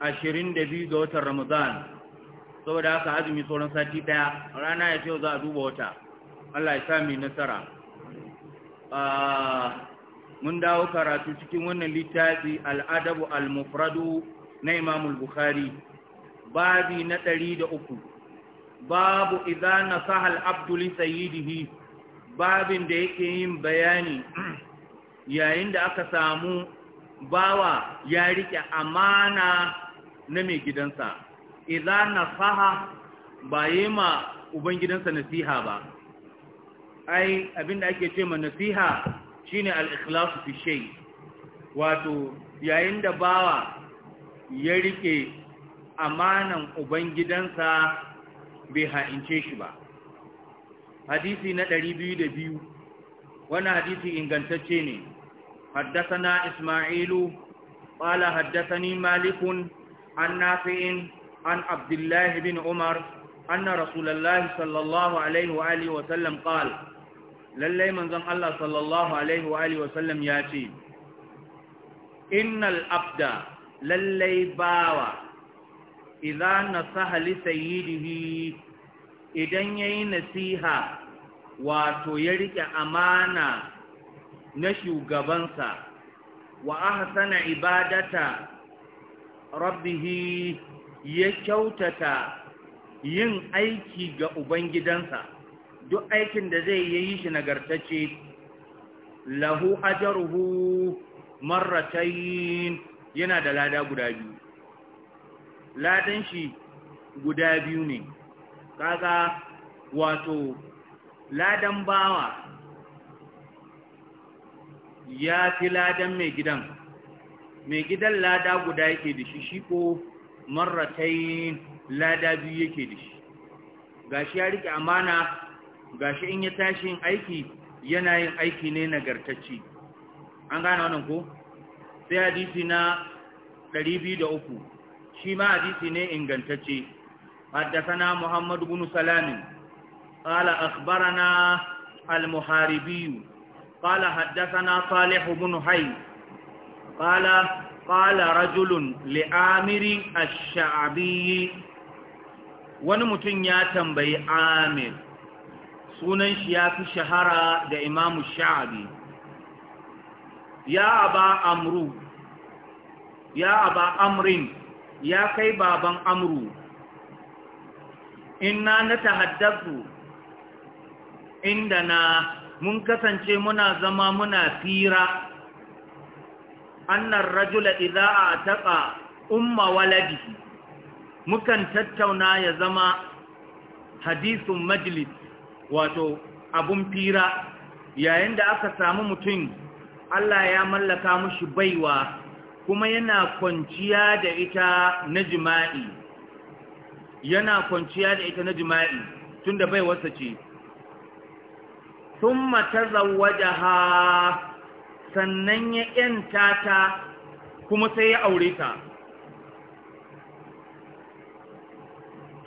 ashirin da biyu ga watan Ramadan saboda haka azumi sauran sati daya rana ya ce za a duba wata Allah ya sami nasara ah, mun dawo karatu cikin wannan littafi al'adabu al-mufradu na Imam Bukhari babi na ɗari da uku. babu idza nasaha al-abdu li sayyidihi babin da yake yin bayani yayin da aka samu bawa ya rike amana na mai gidansa idza nasaha ba yi ma ubangidansa nasiha ba ai abinda ake ce ma nasiha shine al-ikhlasu fi shay wato yayin da bawa ya rike amanan ubangidansa bai ha'ince shi ba hadisi na 202 wannan hadisi ingantacce ne Isma'ilu isma'ilu haddasa ni Malikun? عن نافع عن عبد الله بن عمر أن رسول الله صلى الله عليه وآله وسلم قال للي من ذن الله صلى الله عليه وآله وسلم ياتي إن الأبد للي باوى إذا نصح لسيده إذن يي نسيها wato ya rike amana na shugabansa wa ahsana ibadata rabbihi ya kyautata yin aiki ga ubangidansa duk aikin da zai yi shi nagartacce lahu ajruhu marratayn yana da lada guda biyu ladan shi guda biyu ne kaga wato ladan bawa ya fi ladan mai gidan mai gidan lada guda yake da shi shi ko marratayin lada biyu yake da shi gashi ya rike amana gashi in ya tashi yin aiki yana yin aiki ne nagartacci an gane wannan ko sai hadisi na 203 shi ma hadisi ne ingantacce حدثنا محمد بن سلام قال أخبرنا المحاربي قال حدثنا صالح بن حي قال qala rajulun li amirin ash-sha'bi wani mutum ya tambayi amir sunan shi ya fi shahara da imamu sha'abi ya aba amru ya aba amrin ya kai baban amru inna na tahaddathu inda na mun kasance muna zama muna fira annar rajula idza ataqa umma waladi mukan tattauna ya zama hadisin majlis wato abun fira yayin da aka samu mutum Allah ya mallaka mushi baiwa kuma yana kwanciya da ita na jima'i yana kwanciya da ita na jima'i tunda baiwarsa ce thumma tazawwajaha sannan ya ‘yanta ta kuma sai ya aure ta.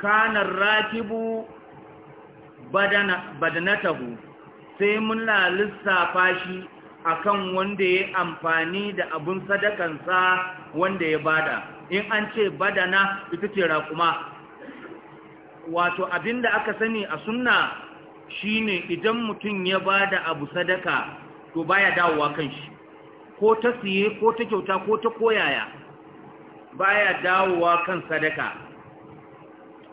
Kanar rakibu badanatahu sai mun lissafa shi akan wanda ya amfani da abun sadakansa wanda ya bada. In an ce badana ita ce raƙuma. Wato abinda aka sani a sunna shine idan mutum ya bada abu sadaka to baya dawowa kan shi ko ta siye ko ta kyauta ko ta koyaya baya dawowa kan sadaka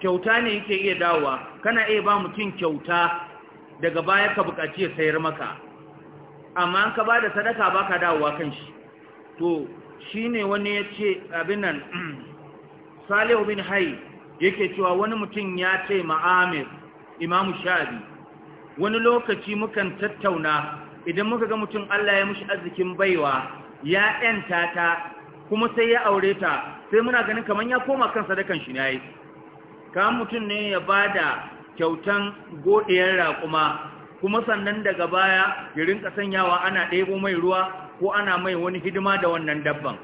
kyauta ne yake iya dawowa kana iya ba mutum kyauta daga baya ka bukaci ya sayar maka amma ka bada da sadaka baka dawowa kan shi to shine wani ya ce abin nan salihu bin hai yake cewa wani mutum ya ce ma'amir imamu shabi wani lokaci mukan tattauna idan muka ga mutum Allah ya mushi arzikin baiwa ya ɗanta ta kuma sai ya aure ta sai muna ganin kamar ya koma kan sadakan shi ne ka mutum ne ya ba da kyautan godiyar raƙuma kuma sannan daga baya ya rinka sanyawa ana ɗebo mai ruwa ko ana mai wani hidima da wannan dabban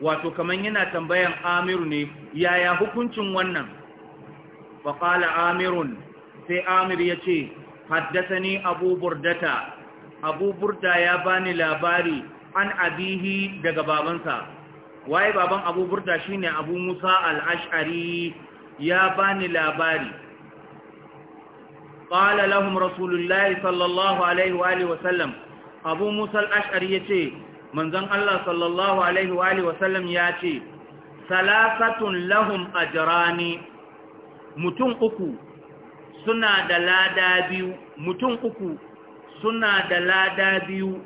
wato kamar yana tambayan amiru ne yaya hukuncin wannan faƙala amirun sai Amiru ya ce haddasani abu burdata abu burda ya bani labari an abihi daga babansa waye baban abu burda shine abu musa al-ash'ari ya bani labari qala lahum rasulullahi sallallahu alaihi wa alihi wasallam abu musa al-ash'ari yace manzon Allah sallallahu alaihi wa alihi wasallam yace salasatun lahum ajrani mutum uku suna da lada biyu mutum uku suna da lada biyu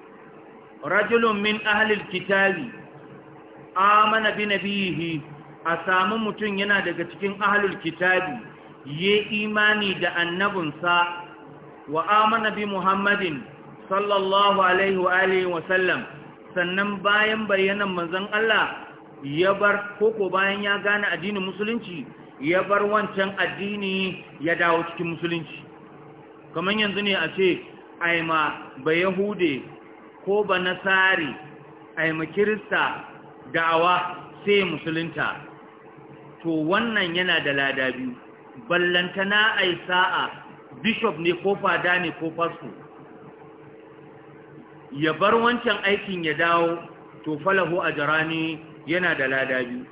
rajulun min ahlil kitabi amana bi nabihi a samu mutum yana daga cikin ahlul kitabi ye imani da annabinsa wa amana bi muhammadin sallallahu alaihi wa alihi wa sallam sannan bayan bayanan manzon Allah ya bar koko bayan ya gane addinin musulunci ya bar wancan addini ya dawo cikin musulunci kamar yanzu ne a ce aima ba yahude ko ba nasari aima kirista da'awa sai musulunta to wannan yana da lada biyu ballantana ai sa'a bishop ne ko fada ne ko fasu ya bar wancan aikin ya dawo to falahu a jarani yana da lada biyu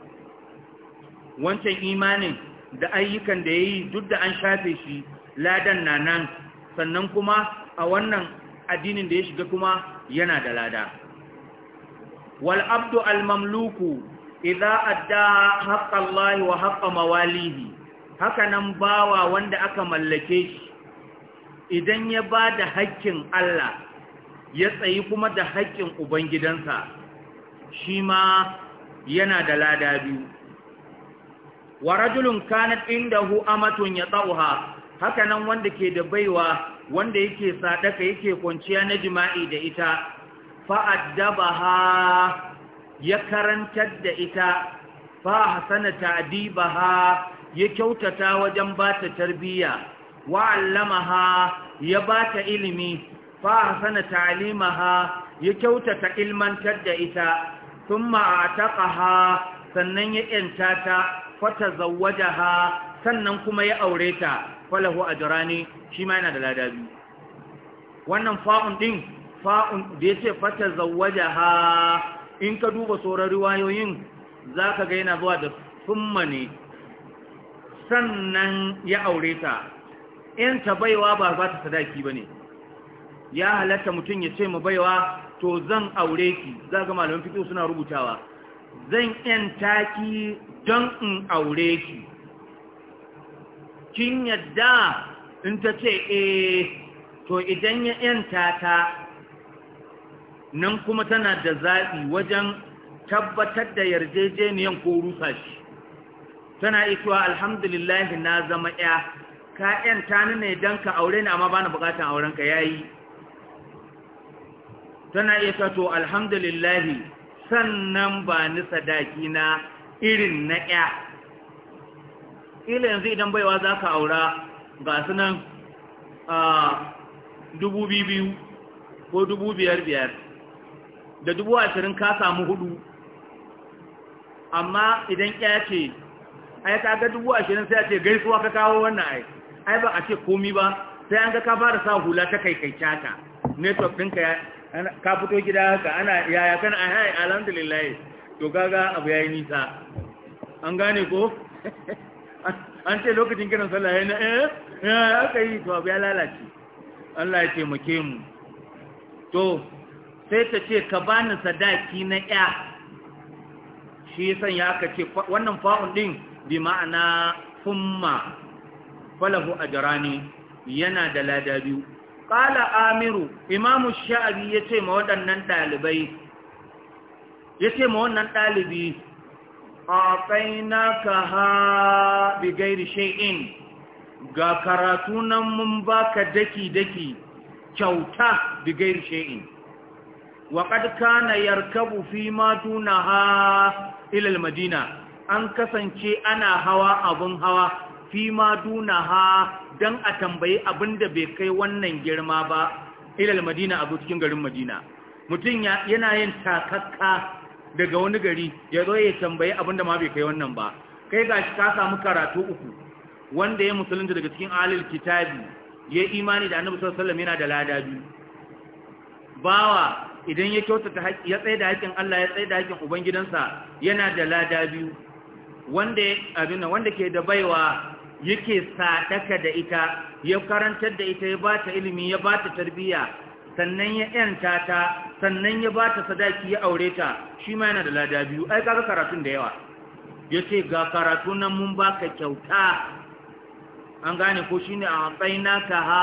wancan imanin da ayyukan da ya yi duk da an shafe shi ladan na nan sannan kuma a wannan addinin da ya shiga kuma yana da lada wal abdu al mamluku idza adda haqqallahi wa haqqa mawalihi haka nan bawa wanda aka mallake shi idan ya ba da haƙƙin Allah ya tsayi kuma da haƙƙin ubangidansa shi ma yana da lada biyu wa rajulun kanat indahu amatun yatauha haka nan wanda ke da baiwa wanda yake sadaka yake kwanciya na jima'i da ita fa addabaha ya karantar da ita fa hasana ta'dibaha ya kyautata wajen ba ta tarbiyya. wa allamaha ya ba ta ilimi fa hasana ta'limaha ya kyautata ilmantar da ita thumma ataqaha sannan ya yanta ta fata ha, sannan kuma ya aure ta falahu jirani shi ma yana da lada biyu wannan fa'un ɗin, fa'un da ya yace fata ha, in ka duba wayoyin, riwayoyin ka ga yana zuwa da summa ne sannan ya aure ta 'yan ta baiwa ba ba ta sadaki ne. ya halatta mutum ya ce mu baiwa to zan aure ki za ga malamin fiqh suna rubutawa zan ƴan taki don in aure ki, kin yadda in ta ce eh to idan ya ƴan tata, nan kuma tana da zaɓi wajen tabbatar da yarjejeniyan ko rufa shi, tana ikuwa alhamdulillahi na zama ‘ya’ ka ƴan ni ne don ka aure ni amma ba na bukatan aurenka ya yi tana iya to alhamdulillahi sannan ba ni sadaki na irin na ƙya. ila yanzu idan baiwa za ka aura ga su nan dubu biyu ko dubu biyar biyar da dubu ashirin ka samu hudu amma idan ƙya ce ai ka ga dubu ashirin sai a ce gaisuwa ka kawo wannan ai ai ba a ce komi ba sai an ga ka fara sa hula ta kai kai cata network ɗinka ka fito gida haka ana yaya kana a hai alhamdulillah to kaga abu yayi nisa an gane ko an ce lokacin kiran sallah yayi na eh eh aka yi to abu ya lalace Allah ya taimake mu to sai ta ce ka bani sadaki na ya shi san ya aka ce wannan fa'un din bi ma'ana summa falahu ajrani yana da lada biyu ƙala amiru imamu sha'abi ya ce ma waɗannan ɗalibai ya ce ma wannan ɗalibi a na ka ha bigairi shai'in ga karatu nan mun baka daki-daki kyauta bigairi shai'in waƙad kana yarkabu fi tuna ha ilal madina an kasance ana hawa abun hawa fi ma dunaha dan a tambayi abinda bai kai wannan girma ba ilal madina abu cikin garin madina mutum yana yin takakka daga wani gari ya zo ya tambayi abinda ma bai kai wannan ba kai ga shi ka samu karatu uku wanda ya musulunta daga cikin alil kitabi ya imani da annabi sallallahu alaihi wasallam yana da lada biyu bawa idan ya kyautata ya tsaye da haƙin Allah ya tsaye da haƙin ubangidansa yana da lada biyu wanda abin wanda ke da baiwa yake sadaka da ita ya karantar da ita ya ba ta ilimi ya ba ta tarbiyya sannan ya yanta ta sannan ya ba ta sadaki ya aure ta shi ma yana da lada biyu ai kaga karatun da yawa ya ce ga karatu nan mun baka kyauta an gane ko shine a tsaina ka ha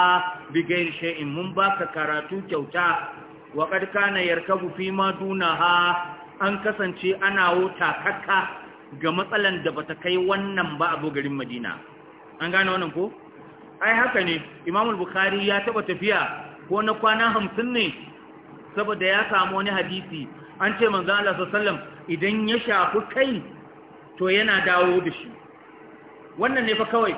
bigayar sha'in mun baka karatu kyauta wa ƙarƙa na yarkabu fi ma duna ha an kasance ana wuta kakka ga matsalan da bata kai wannan ba a garin madina an gane wannan ko ai haka ne imam bukhari ya taba tafiya ko na kwana hamsin ne saboda ya samu wani hadisi an ce manzo Allah sallam idan ya shafi kai to yana dawo da shi wannan ne fa kawai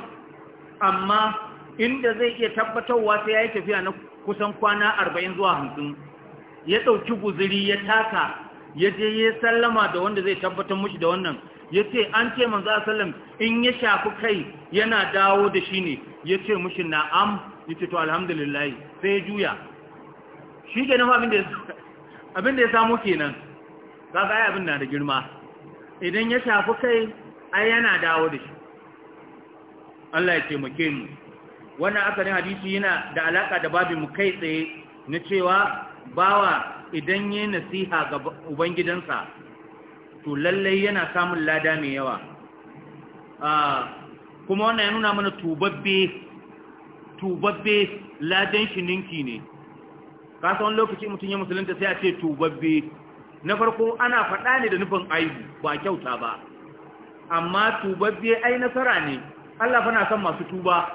amma inda zai iya tabbatarwa sai ya yi tafiya na kusan kwana arba'in zuwa hamsin ya ɗauki guziri ya taka ya je ya sallama da wanda zai tabbatar mushi da wannan ya ce an ce manzo sallam in ya shafi kai yana dawo da shi ne ya ce mushi na'am ya ce to alhamdulillah sai ya juya shi ke nan abin da ya samu kenan za ka yi abin na da girma idan ya shafi kai ai yana dawo da shi Allah ya taimake mu wannan asalin hadisi yana da alaka da babin mu kai tsaye na cewa bawa idan yi nasiha ga ubangidansa to lallai yana samun lada mai yawa ah, kuma wannan ya nuna mana tubabbe tubabbe ladan shi ninki ne kasa wani lokaci mutum ya musulunta sai a ce tubabbe na farko ana faɗa ne da nufin aibu ba kyauta ba amma tubabbe ai nasara ne Allah fa na son masu tuba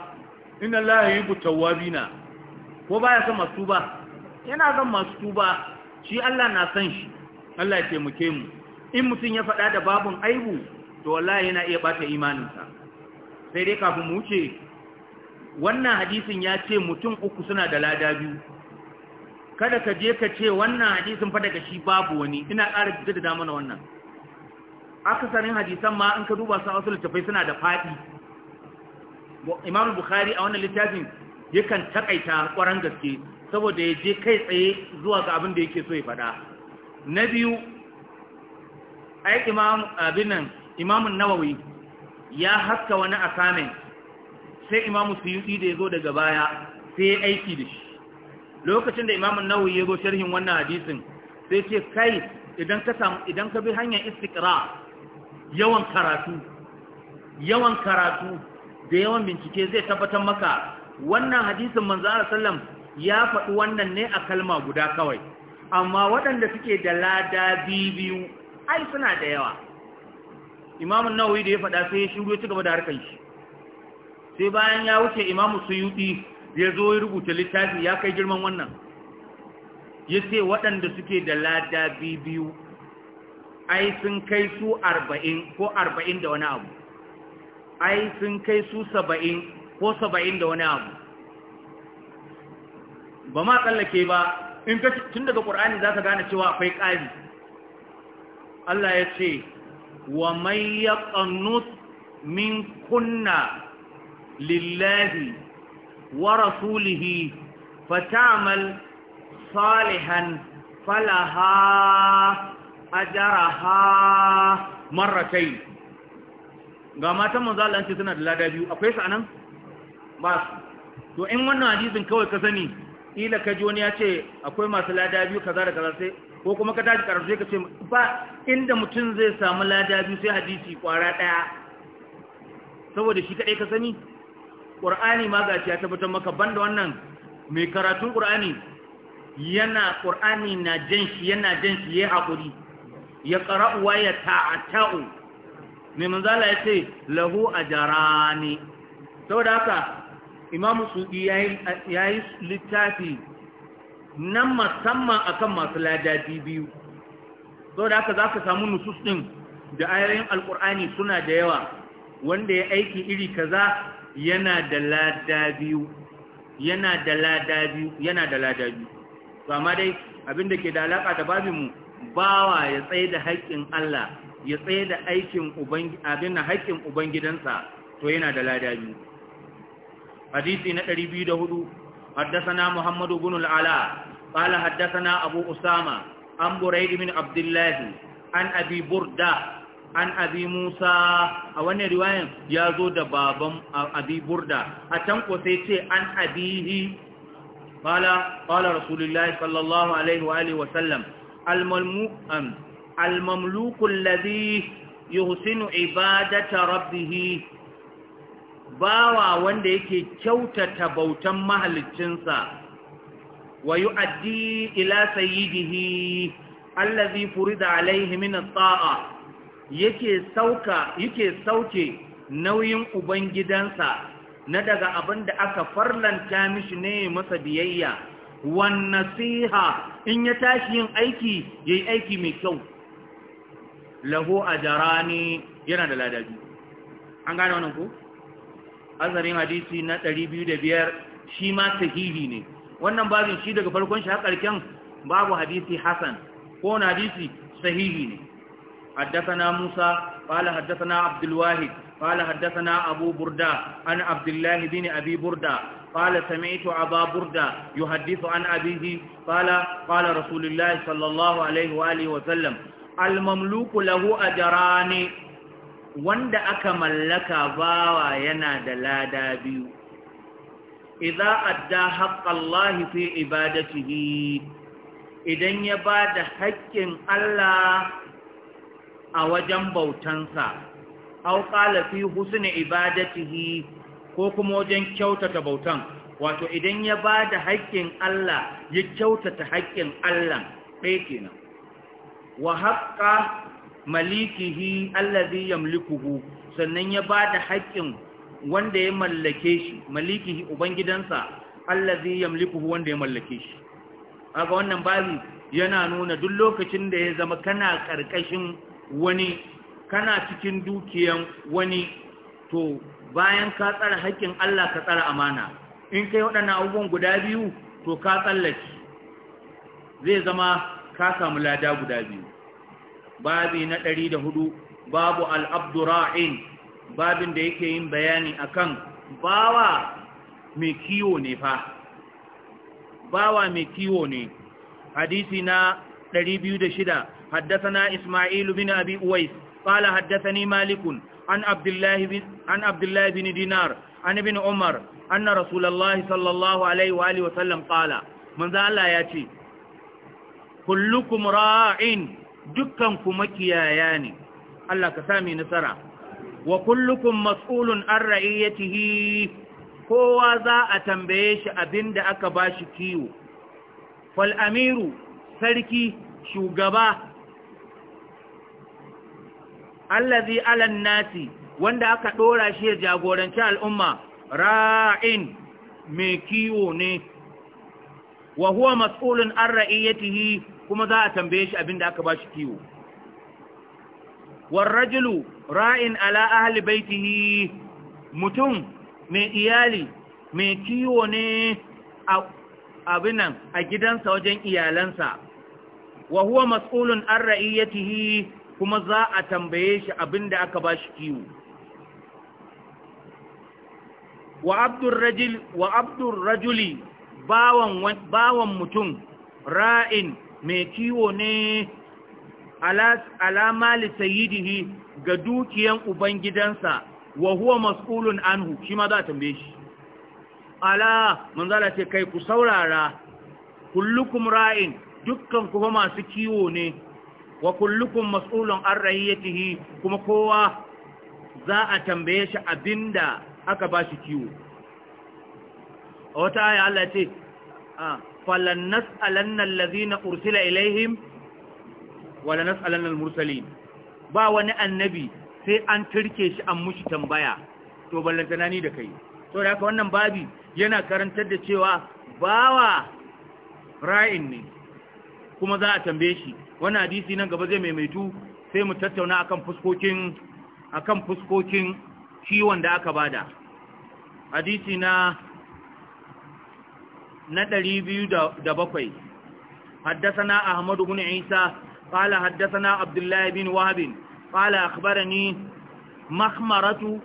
inna Allah yuhibbu tawwabina ko baya son masu tuba yana son masu tuba shi Allah na son shi Allah ya taimake mu in mutum ya faɗa da babun aibu to wallahi yana iya bata imaninsa sai dai kafin mu wuce wannan hadisin ya ce mutum uku suna da lada biyu kada ka je ka ce wannan hadisin fa daga shi babu wani ina ƙara da dama mana wannan akasarin hadisan ma in ka duba su a wasu littafai suna da faɗi imam bukhari a wannan littafin yakan takaita ƙwaran gaske saboda ya je kai tsaye zuwa ga abin da yake so ya faɗa na biyu ai imam abin nan imamun nawawi ya haska wani assignment sai Imam suyuti da ya zo daga baya sai ya aiki da shi lokacin da imamun nawawi ya zo sharhin wannan hadisin sai ce kai idan ka samu idan ka bi hanyar istiqra yawan karatu yawan karatu da yawan bincike zai tabbatar maka wannan hadisin manzo Allah sallam ya faɗi wannan ne a kalma guda kawai amma waɗanda suke da lada biyu ai suna da yawa imamu nawawi da ya faɗa sai ya shiru ci gaba da harkar shi sai bayan ya wuce imamu suyuɗi ya zo ya rubuta littafi ya kai girman wannan ya ce waɗanda suke da lada biyu ai sun kai su arba'in ko arba'in da wani abu ai sun kai su saba'in ko saba'in da wani abu ba ma tsallake ba in ka tun daga ƙur'ani za ka gane cewa akwai ƙari Allah ya ce wa mai ya ƙannut min kunna lillahi wa rasulihi fatamal salihan falaha ajaraha marratai ga matan manzalan ce suna da lada biyu akwai su anan ba su to in wannan hadisin kawai ka sani ila ka ji wani ya ce akwai masu lada biyu kaza da kaza sai ko kuma ka tashi karatu sai ka ce ba inda mutum zai samu lada biyu sai hadisi kwara ɗaya. saboda shi kadai ka sani qur'ani ma gashi ya tabbatar maka banda wannan mai karatun qur'ani yana qur'ani na jan shi yana jan shi yayi hakuri ya qara'u wa ya ta'ata'u mai manzala ya ce lahu ne. saboda haka imamu su yayi yayi littafi Nan musamman akan masu ladabi biyu sau da haka za ka samu nusus ɗin da ayoyin Alƙur'ani suna da yawa wanda ya aiki iri kaza yana da lada yana da ladabi yana da ladabi amma dai abin da ke da alaƙa da babinmu bawa ya tsaye da haƙƙin Allah ya tsaye da aikin ubangi haƙƙin ubangidansa to yana da lada hadisi na biyu da hudu. حدثنا محمد بن العلاء قال حدثنا أبو أسامة عن بريد بن عبد الله عن أبي بردة عن أبي موسى أولا رواية يازو دبابا أبي بردة أتنقو سيتي عن أبيه قال قال رسول الله صلى الله عليه وآله وسلم المملوك الذي يحسن عبادة ربه bawa wanda yake kyautata bautan mahalicinsa wa yu'addi ila sayyidihi allazi furida alaihi min at-ta'a yake sauka yake sauke nauyin ubangidansa na daga abin da aka farlanta mishi ne masa biyayya wan nasiha in ya tashi yin aiki yayi aiki mai kyau lahu ajrani yana da ladabi an gane wannan ko azarin hadisi na ɗari biyu 205 shi ma sahihi ne wannan babin shi daga farkon shi babu hadisi Hassan ko na hadisi sahihi ne haddathana musa qala haddathana abdul wahid qala haddathana abu burda an abdullah a abi burda قال سمعت عبا بردة يحدث عن أبيه قال قال رسول الله صلى الله عليه وآله وسلم المملوك له أجراني wanda aka mallaka bawa yana da lada biyu idza adda haqqallahi fi ibadatihi idan ya ba haƙƙin Allah a wajen bautansa aw qala fi husni ibadatihi ko kuma wajen kyautata bautan wato idan ya bada da haƙƙin Allah ya kyautata haƙƙin Allah ɗaya kenan wa haqqa malikihi allazi yamlikuhu sannan ya bada haƙƙin wanda ya mallake shi malikihi ubangidansa allazi yamlikuhu wanda ya mallake shi aga wannan babi yana nuna duk lokacin da ya zama kana karkashin wani kana cikin dukiyan wani to bayan ka tsara haƙƙin Allah ka tsara amana in kai waɗannan abubuwan guda biyu to ka tsallaci. zai zama ka samu lada guda biyu babi na ɗari da hudu babu al'abdura'in babin da yake yin bayani akan bawa mai kiwo ne fa bawa mai kiwo ne hadisi na ɗari biyu da shida haddasana ismailu bin abi uwais قال haddasa ni malikun. An Abdullahi bin Dinar. An bin Umar. دينار عن ابن sallallahu alaihi رسول الله صلى الله ya ce. وسلم قال dukkan kuma kiyaya ne Allah ka sami nasara wa kullukum mas'ulun an ra'iyatihi kowa za a tambaye shi abinda aka bashi kiwo fal amiru sarki shugaba allazi alan nasi wanda aka ɗora shi ya jagoranci al'umma ra'in mai kiwo ne wa huwa mas'ulun an ra'iyatihi kuma za a tambaye shi abinda aka bashi kiwo war rajulu ra'in ala ahli baitihi mutum mai iyali mai kiwo ne a abinan a gidansa wajen iyalansa wa huwa mas'ulun an ra'iyatihi kuma za a tambaye shi abinda aka bashi kiwo wa abdur rajul wa abdur rajuli bawan mutum ra'in mai kiwo ne alama lisayidihi ga dukiyan ubangidansa wa huwa mas'ulun anhu shi ma za a tambaye shi ala manzala ce kai ku saurara kullukum ra'in dukkan kuma masu kiwo ne wa kullukum mas'ulun an kuma kowa za a tambaye shi abinda aka ba shi kiwo a wata aya Allah ce a ah, falan nas'alanna allazina ursila ilaihim wala nas'alanna mursalin ba wani annabi sai an turke shi an mushi tambaya to ballantana ni da kai to da haka wannan babi yana karantar da cewa bawa ra'in ne kuma za a tambaye shi Wani hadisi nan gaba zai maimaitu sai mu tattauna akan fuskokin akan fuskokin ciwon da aka bada hadisi na na ɗari biyu da bakwai haddasana ahmadu bin isa ƙala haddasana abdullahi bin wahabin ƙala akbarani mahmaratu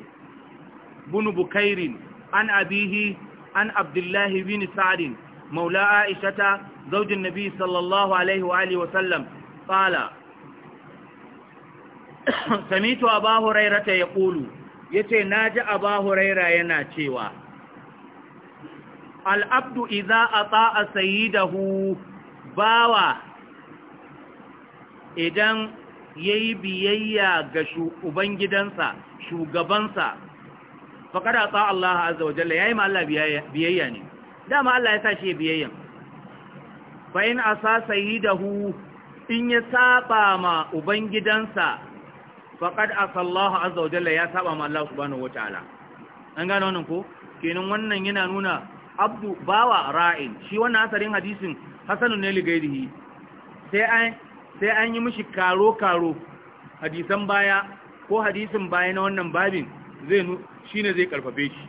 bin bukairin an abihi an abdullahi bin sa'adin maula aishata zaujin nabi sallallahu alaihi wa wasallam ƙala samitu abahu rairata ya ƙulu ya ce na ji abahu raira yana cewa al'abdu iza a ta'a sayi da hu bawa idan ya yi biyayya ga ubangidansa shugabansa faƙada ta Allah azza wa jalla ya yi ma'alla biyayya ne dama Allah ya tashi biyayya, biyayyan fa'in a sa sayi da hu in ya saba ma ubangidansa faƙad asallahu azza wa jalla ya saba ma Allah subhanahu wa ta'ala an gano wannan ko kenan wannan yana nuna abdu bawa ra'in shi wannan asarin hadisin hasanun ne ligairihi sai an yi mishi karo karo hadisan baya ko hadisin baya na wannan babin zai shine zai karfafe shi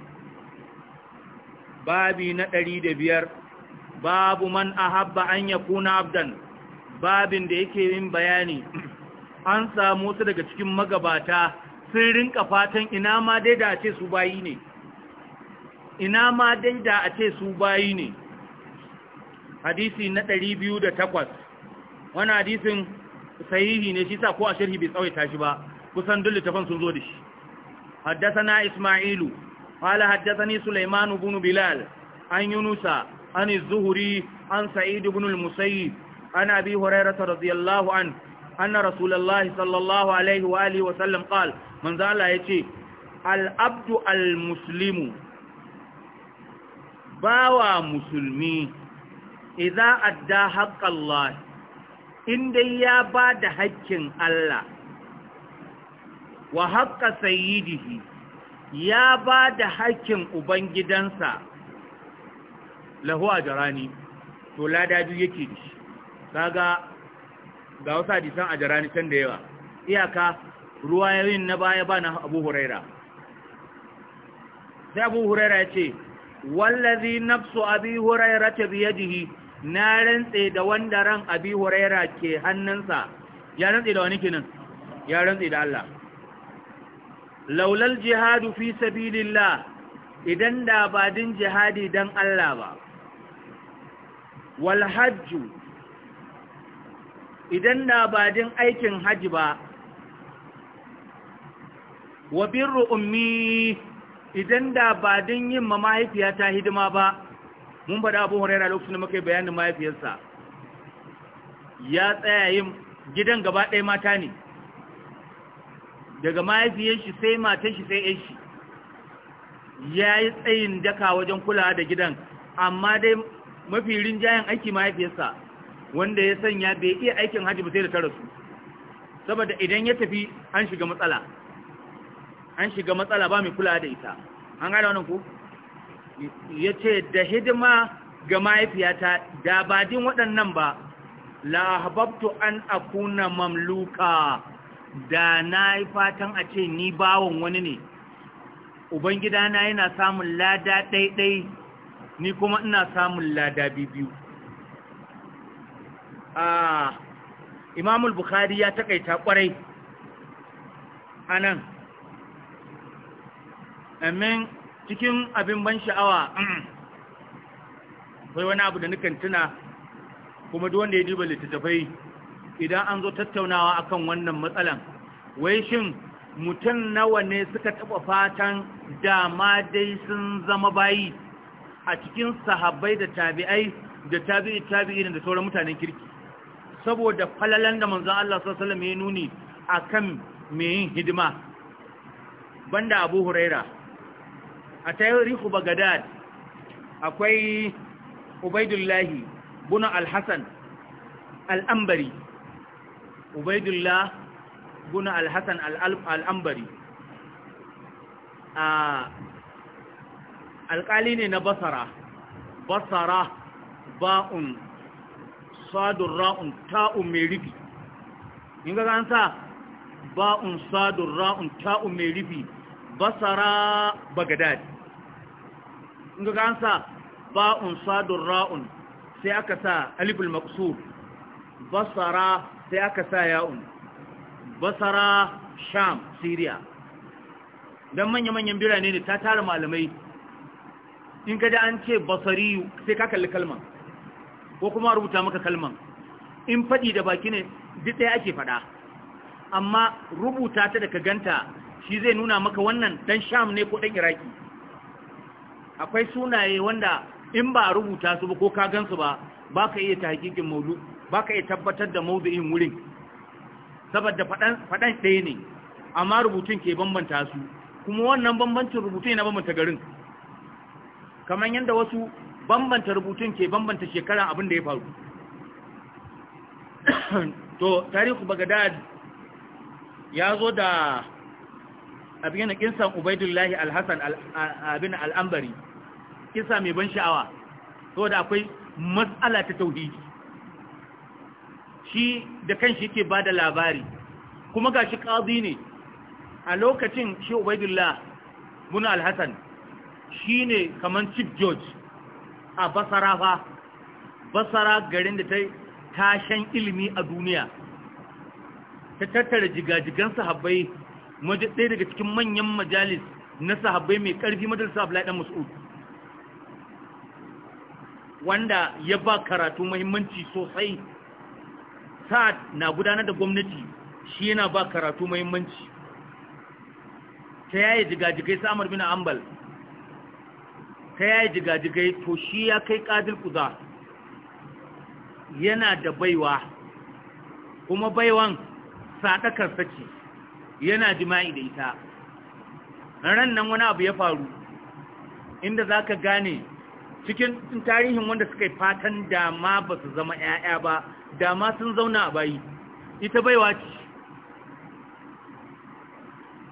babi na ɗari da biyar babu man ahabba an yakuna abdan babin da yake yin bayani an samu su daga cikin magabata sun rinka fatan ina ma dai da ce su bayi ne ina ma dai-dai a ce su bayi ne hadisi na ɗari biyu da 208 wani hadisin sahihi ne shi sa ko a shirhi bai tsawaita shi ba kusan dole tafan sun zo da shi haddathana isma'ilu qala haddathani sulaiman ibn bilal an yunusa an az-zuhri an sa'id ibn al-musayyib an abi hurairah radhiyallahu an anna rasulullah sallallahu alaihi wa sallam qala manzala yace al-abdu al-muslimu bawa musulmi idza adda haqqallah dai ya ba da haƙƙin Allah wa haƙƙa, sayyidihi ya ba da haƙƙin ubangidansa lahu ajrani to lada yake da shi kaga ga wasu san ajrani can da yawa iyaka ruwayoyin na baya ba na Abu Huraira sai Abu Huraira ya ce wallazi nafsu abi ta biyadihi na rantse da wanda ran abi huraira ke hannunsa ya rantse da wani kinin ya rantse da Allah laulal jihadu fi sabilillah idan da ba din jihadi dan Allah ba wal hajj idan da ba din aikin haji ba wa birru ummi idan da ba don yin ma mahaifiya ta hidima ba mun bada abu huraira lokacin da muka yi bayanin mahaifiyarsa ya tsaya yin gidan gaba ɗaya mata ne daga mahaifiyar shi sai matan shi sai ya yi tsayin daka wajen kulawa da gidan amma dai mafi rinjayen aiki mahaifiyarsa wanda ya sanya bai iya aikin hajji ba sai da tarasu saboda idan ya tafi an shiga matsala an shiga matsala ba mai kula da ita an gane wani ku ya ce da hidima ga mahaifiyata da badin waɗannan ba la hababtu an akuna mamluka da na yi fatan a ce ni bawon wani ne Ubangida na yana samun lada ɗaiɗai ni kuma ina samun lada biyu a imamul bukhari ya taƙaita ƙwarai a nan amin cikin abin ban sha'awa sai mm, wani abu da nukan tuna kuma duwanda ya diba littattafai idan an zo tattaunawa akan wannan matsalan wai shin mutum nawa ne suka taɓa fatan dama dai sun zama bayi a cikin sahabbai da tabi'ai da tabi'i tabi'i da sauran mutanen kirki saboda falalan da manzon Allah sallallahu alaihi wasallam ya nuni akan mai yin hidima banda Abu Huraira a tarihu bagadad akwai ubaidullahi buna alhassan al'ambari ubaidullah buna alhassan al'ambari ah, alƙali ne na basara basara ba'un sadun ra'un ta'un mai rufi in ga ba'un sadun ra'un ta'un mai rufi basara bagadad Inga ga ansa ba'un sadun ra'un sai aka sa aliful maqsur basara sai aka sa ya'un basara sham syria dan manya-manyan birane ne ta tara malamai in ka ji an ce basari sai ka kalli kalman ko kuma rubuta maka kalman in faɗi da baki ne duk ɗaya ake faɗa amma rubuta ta da ka ganta shi zai nuna maka wannan dan sham ne ko dan iraki akwai sunaye wanda in ba a rubuta su ba ko ka gansu ba ba ka iya ta hakikin maudu ba ka iya tabbatar da maudu'in wurin saboda faɗan ɗaya ne amma rubutun ke bambanta su kuma wannan bambancin rubutun yana bambanta garin kamar yadda wasu bambanta rubutun ke bambanta shekara abin da ya faru to tarihu bagadad ya zo da abin kinsan ubaidullahi alhassan abin al'ambari kisa mai ban sha'awa so da akwai matsala ta tauhidi shi da kan shi ke ba da labari kuma ga shi ƙazi ne a lokacin shi ubaidullah muna alhassan shi ne kamar chief george a basara ba, basara garin da ta tashen ilimi a duniya ta tattara jigajigan sahabbai ɗaya daga cikin manyan majalis na sahabbai mai ƙarfi majalisa Abdullahi dan Mas'ud wanda ya ba karatu muhimmanci sosai Sa'ad na gudanar da gwamnati shi yana ba karatu muhimmanci ta yaya jigajigai Sa'amar bin Ambal ta yaya jigajigai to shi ya kai Qadil Quza yana da baiwa kuma baiwan sadakar sace yana jima'i da ita ran nan wani abu ya faru inda za ka gane cikin tarihin wanda suka yi fatan dama ba su zama 'ya'ya ba dama sun zauna a bayi ita baiwa ce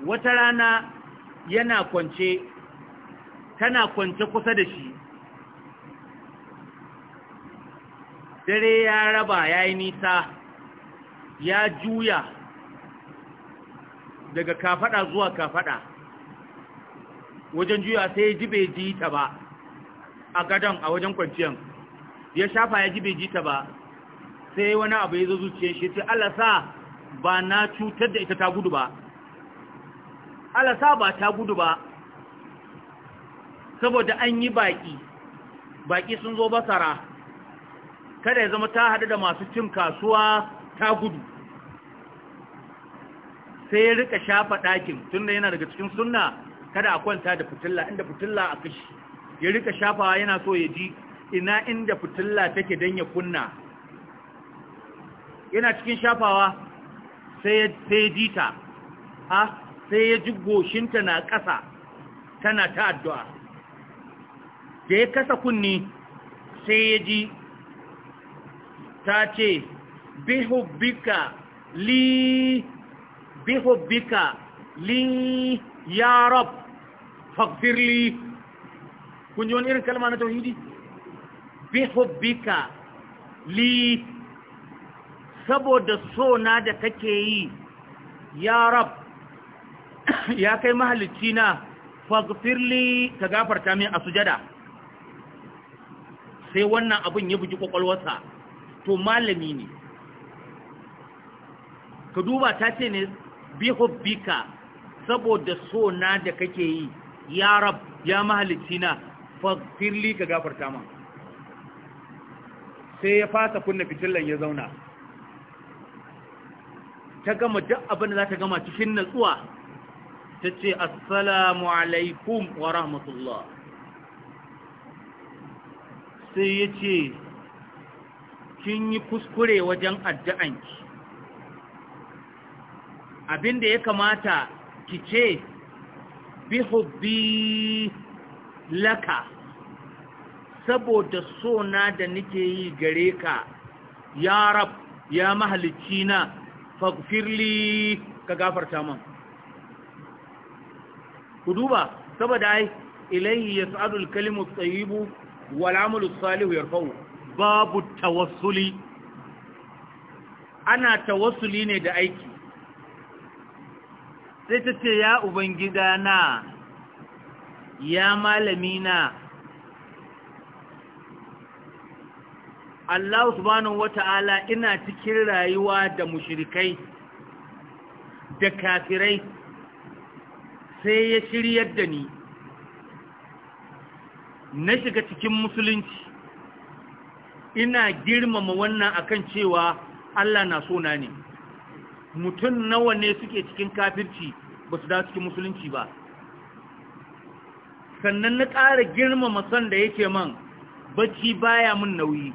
wata rana yana kwance tana kwance kusa da shi dare ya raba ya yi nisa ya juya daga kafada zuwa kafada wajen juya sai ya ji ji ta ba a gadon a wajen kwanciyan ya shafa ya ji ji ta ba sai wani abu ya zo zuciyar shi sai Allah sa ba na cutar da ita ta gudu ba Allah sa ba ta gudu ba saboda an yi baki baki sun zo basara kada ya zama ta hadu da masu cin kasuwa ta gudu sai ya rika shafa ɗakin tunda yana daga cikin sunna kada a kwanta da fitilla inda fitilla a kashi ya rika shafawa yana so ya ji ina inda fitilla take don ya kunna yana cikin shafawa sai ya ji ta ha sai ya ji goshinta na ƙasa tana ta addu'a da ya kasa kunni sai ya ji ta ce bihubbika li bihubbika li ya rab li kun ji irin kalma na tauhidi bihubbika li saboda so na da kake yi ya rab ya kai mahalicci na li ka gafarta min a sujada sai wannan abin ya buji kwakwalwarsa to malami ne ka duba ta ce ne bihubbika saboda so na da kake yi ya rab ya mahalicci na faghfirli ka gafarta ma sai ya fasa kunna fitilan ya zauna ta gama duk abin da za ta gama cikin natsuwa ta ce assalamu alaikum wa rahmatullah sai ya ce kin yi kuskure wajen addu'anki abin da ya kamata ki ce bi hubbi laka saboda sona da nike yi gare ka ya rab ya mahalicci na fagfirli ka gafarta man ku duba saboda ai ilayhi yas'alul kalimu tsayibu wal 'amalu salihu yarfa'u babu tawassuli ana tawassuli ne da aiki sai ta ce ya ubangidana na ya malami na Allah subhanahu Ta'ala ina cikin rayuwa da mushrikai da kafirai sai ya shiryar da ni na shiga cikin musulunci ina girmama wannan akan cewa Allah na so na ne mutum nawa ne suke cikin kafirci ba su da cikin musulunci ba sannan na ƙara girmama son da yake man bacci baya mun nauyi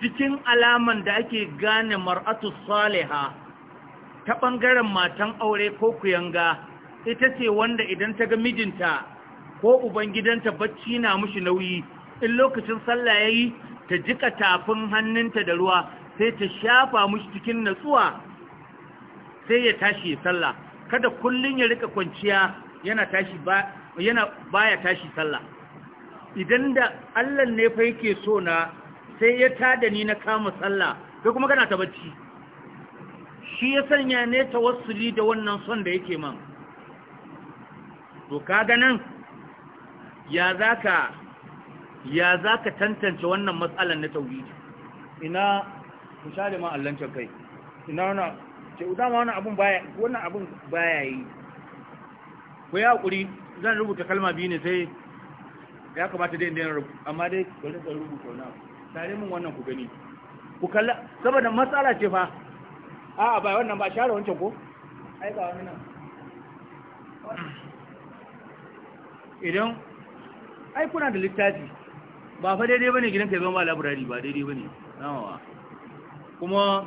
cikin alaman da ake gane mar'atu saliha ta ɓangaren matan aure ko kuyanga ita ce wanda idan ta ga mijinta ko ubangidanta bacci na mushi nauyi in lokacin sallah yayi ta jika tafin hannunta da ruwa sai ta shafa mushi cikin natsuwa sai ya tashi ya salla kada kullun ya rika kwanciya yana tashi ba yana baya tashi salla idan da Allah ne fa yake so na sai ya tada ni na kama sallah kai kuma kana ta bacci shi ya sanya ne tawassuli da wannan son da yake man to kaga nan ya zaka ya zaka tantance wannan matsalan na tauhidi ina share ma Allah kai ina na ce dama wannan abun baya wannan abun baya yi ku ya kuri zan rubuta kalma biyu ne sai ya kamata dai inda rubuta amma dai bari ka rubuta wannan tare mun wannan ku gani ku kalla saboda matsala ce fa a'a ba wannan ba share wancan ko ai ga wannan idan ai kuna da littafi ba fa daidai bane gidan kai zama laburari ba daidai bane nawa kuma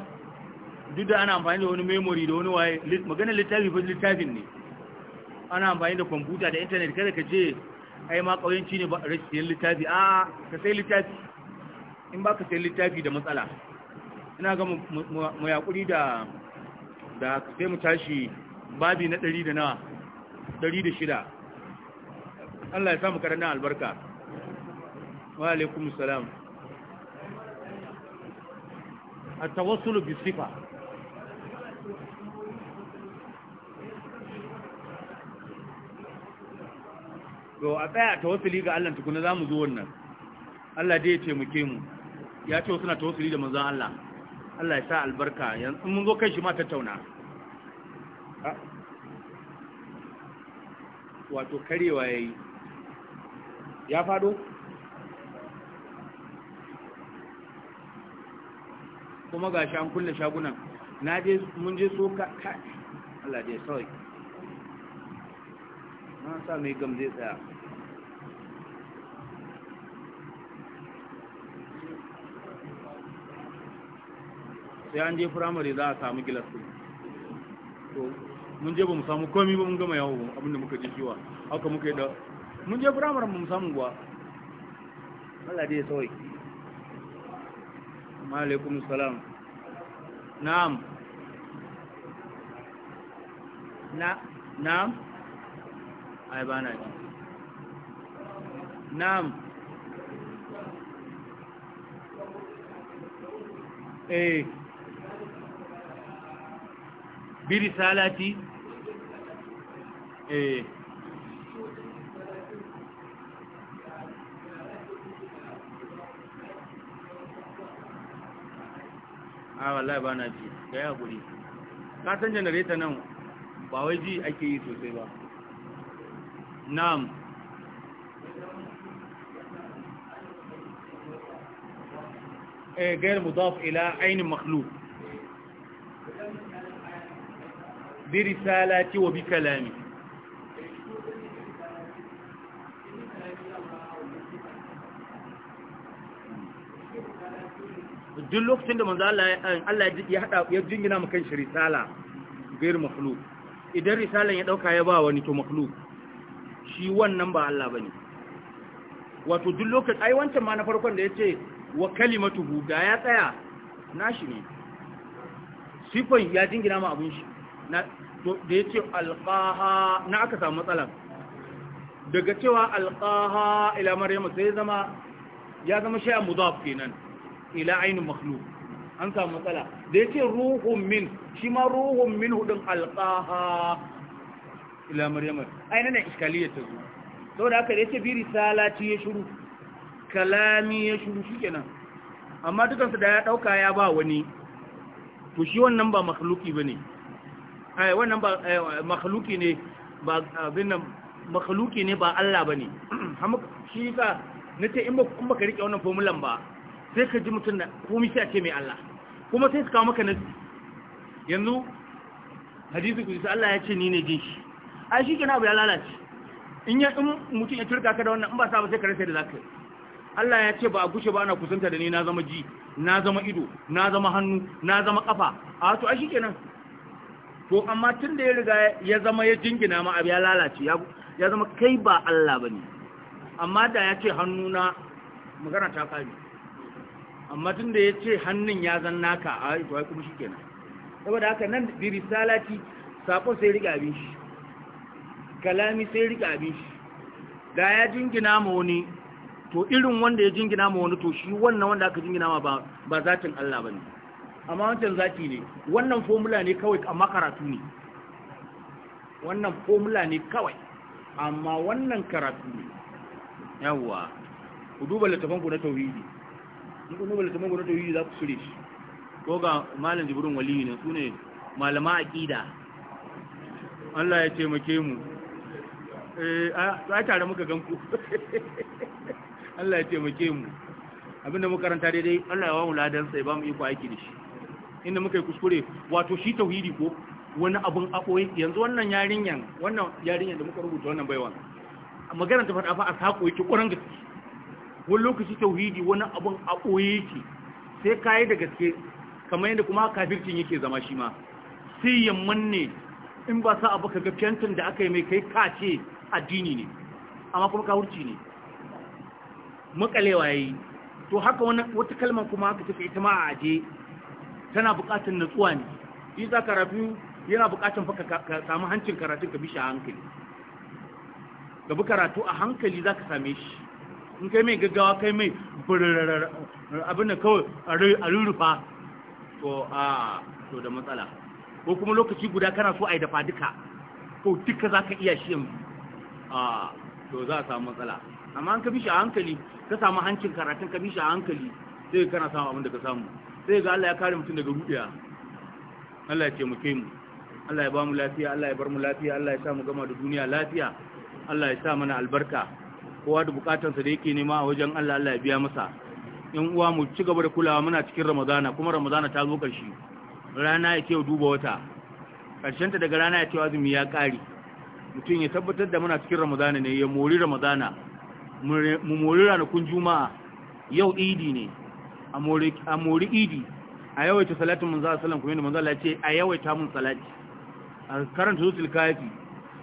duk da ana amfani da wani memory da wani waye maganar littafi fa littafin ne ana amfani da kwamfuta da intanet kada ka je ai ma kauyanci ne ba rashin littafi a ka sai littafi in ba ka sai littafi da matsala ina ga mu yakuri da da sai mu tashi babi na ɗari da nawa ɗari da shida Allah ya samu karanta albarka wa alaikum salam التوصل بالصفه to a tsaya a tawassuli ga Allah tukuna za mu zo wannan Allah dai ya taimake mu ya ce suna tawassuli da manzan Allah Allah ya sa albarka yanzu mun zo kai shi ma tattauna wato karewa ya yi. ya fado kuma shi an kulle shagunan na je mun je so ka kai Allah dai sai na sa mai gam zai tsaya sai an je firamare za a samu gilas to mun je ba mu samu komi ba mun gama yawo abinda muka ji kiwa haka muka yi da mun je firamare ba mu samu ba Allah dai sai Assalamu salam na'am na na'am ai ba na ji na'am eh. wallahi ba na ji ga ya guri ka san janareta nan ba wai ji ake yi sosai ba na'am eh gair mudaf ila ayn makhluq bi risalati wa bi kalami duk lokacin da manzo Allah Allah ya hada ya jingina maka shi risala gair makhluq idan risalan ya dauka ya ba wani to makhluq shi wannan ba Allah bane wato duk lokacin ai wancan ma na farkon da yace wa kalimatuhu ga ya tsaya nashi ne sifan ya jingina ma abun shi na to da yace alqaha na aka samu matsala daga cewa alqaha ila maryam sai zama ya zama shay'an mudaf kenan ila ainihin makhluk an samu matsala da ya ce ruhun min shi ma ruhun min hudun alƙaha ila maryamar ainihin nan iskaliyar ta zo saboda haka da ya ce biri salati ya shuru kalami ya shuru shi kenan amma dukansu da ya ɗauka ya ba wani to shi wannan ba makhluki ba ne ai wannan ba makhluki ne ba abin nan makhluki ne ba Allah ba ne shi ka nace in ba kuma ka rike wannan formulan ba sai ka ji mutum da komi sai a ce mai Allah kuma sai su kawo maka nasi yanzu hadisi kudu Allah ya ce ni ne jin shi ai shi kenan abu ya lalace in ya in mutum ya turka ka da wannan in ba sa ba sai ka rasa da zaka yi Allah ya ce ba a gushe ba ana kusanta da ni na zama ji na zama ido na zama hannu na zama kafa a to ai shi kenan to amma tun da ya riga ya zama ya jingina ma abu ya lalace ya zama kai ba Allah bane amma da ya ce hannu na magana ta kare amma tun da ya ce hannun ya zan naka a yi kwaye kuma shi kenan saboda haka nan bi risalati saƙon sai riƙe abin shi kalami sai riƙe abin shi da ya jingina ma wani to irin wanda ya jingina ma wani to shi wannan wanda aka jingina ma ba zatin Allah ba ne amma wancan zati ne wannan formula ne kawai amma karatu ne wannan formula ne kawai amma wannan karatu ne yawwa ku duba littafanku na tauhidi in kun duba littafin gwamnati tauhidi za ku shirye shi ko ga malam jibrin waliyu ne su ne malama aqida Allah ya taimake mu eh a tare muka ganku Allah ya taimake mu abinda muka karanta daidai Allah ya wamu ladan sai ba mu iko aiki da shi inda muka yi kuskure wato shi tauhidi ko wani abun akoyi yanzu wannan yarinyan wannan yarinyan da muka rubuta wannan baiwan magana ta faɗa fa a sako yake ƙuran gaske wani lokaci tauhidi wani abun a ɓoye yake sai kayi da gaske kamar yadda kuma kafircin yake zama shi ma sai yamman ne in ba sa abu ka ga fentin da aka yi mai kai kace addini ne amma kuma kawurci ne makalewa ya yi. to haka wata kalmar kuma haka tafi ita ma a aje tana buƙatar natsuwa ne yi za ka rafi yana bukatar fa ka samu hancin karatun ka bi shi a hankali ka bi karatu a hankali za ka same shi in kai mai gaggawa kai mai abin da kawai a rurrufa to a to da matsala ko kuma lokaci guda kana so a yi dafa duka ko duka za ka iya shi yanzu a to za a samu matsala amma an ka bishi a hankali ka samu hancin karatun ka bishi a hankali sai kana samu abin da ka samu sai ga Allah ya kare mutum daga rudiya Allah ya ce mu kai mu Allah ya ba mu lafiya Allah ya bar mu lafiya Allah ya sa mu gama da duniya lafiya Allah ya sa mana albarka kowa da bukatansa da yake nema a wajen Allah Allah ya biya masa in uwa mu ci gaba da kulawa muna cikin ramadana kuma ramadana ta zo ƙarshe rana ya ce duba wata ta daga rana ya ce azumi ya ƙare. mutum ya tabbatar da muna cikin ramadana ne ya mori ramadana mu mori ranakun juma'a yau idi ne a mori idi a yawaita salatin manzo sallallahu alaihi wasallam kuma manzo Allah ya ce a yawaita mun salati a karanta zutul kafi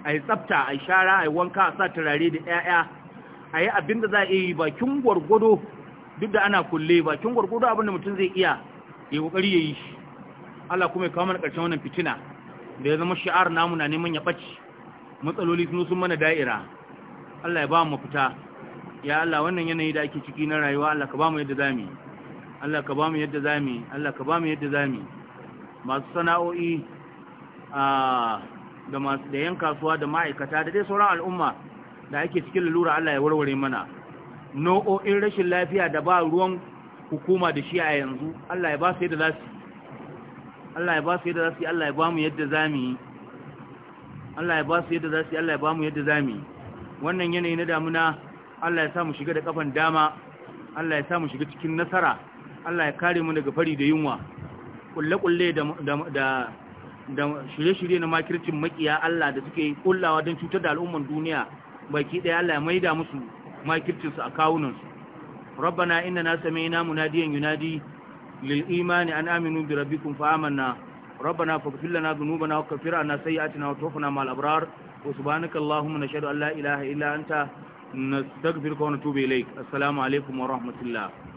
a yi tsafta a yi shara a yi wanka a sa turare da 'ya'ya a yi abin da za a yi bakin gwargwado duk da ana kulle bakin gwargwado abin da mutum zai iya ya kokari ya yi shi Allah kuma ya kawo mana ƙarshen wannan fitina da ya zama shi'ar namu na neman ya bace matsaloli sun sun mana da'ira Allah ya ba mu fita ya Allah wannan yanayi da ake ciki na rayuwa Allah ka ba mu yadda zamu Allah ka ba mu yadda zamu Allah ka ba mu yadda zamu masu sana'o'i a ah, da masu da yan kasuwa da ma'aikata da dai sauran al'umma da ake cikin lalura Allah ya warware mana No'o'in rashin lafiya da ba ruwan hukuma da shi a yanzu Allah ya ba su yadda za su Allah ya ba su yadda za su Allah ya ba mu yadda za mu yi Allah ya ba su yadda za su Allah ya ba mu yadda za mu yi wannan yanayi na damuna Allah ya sa mu shiga da kafan dama Allah ya sa mu shiga cikin nasara Allah ya kare mu daga fari da yunwa kulle-kulle da da shirye-shirye na makircin makiya Allah da suke kullawa don cutar da al'umman duniya baki ɗaya Allah ya maida musu makircinsu a kawunansu. Rabbana inna na same na munadiyan yunadi lil imani an aminu bi rabbikum fa amanna rabbana faghfir lana dhunubana wa kafir anna sayyi'atina wa tawaffana ma'al abrar wa subhanaka allahumma nashhadu an la ilaha illa anta nastaghfiruka wa natubu ilayk assalamu alaikum wa rahmatullah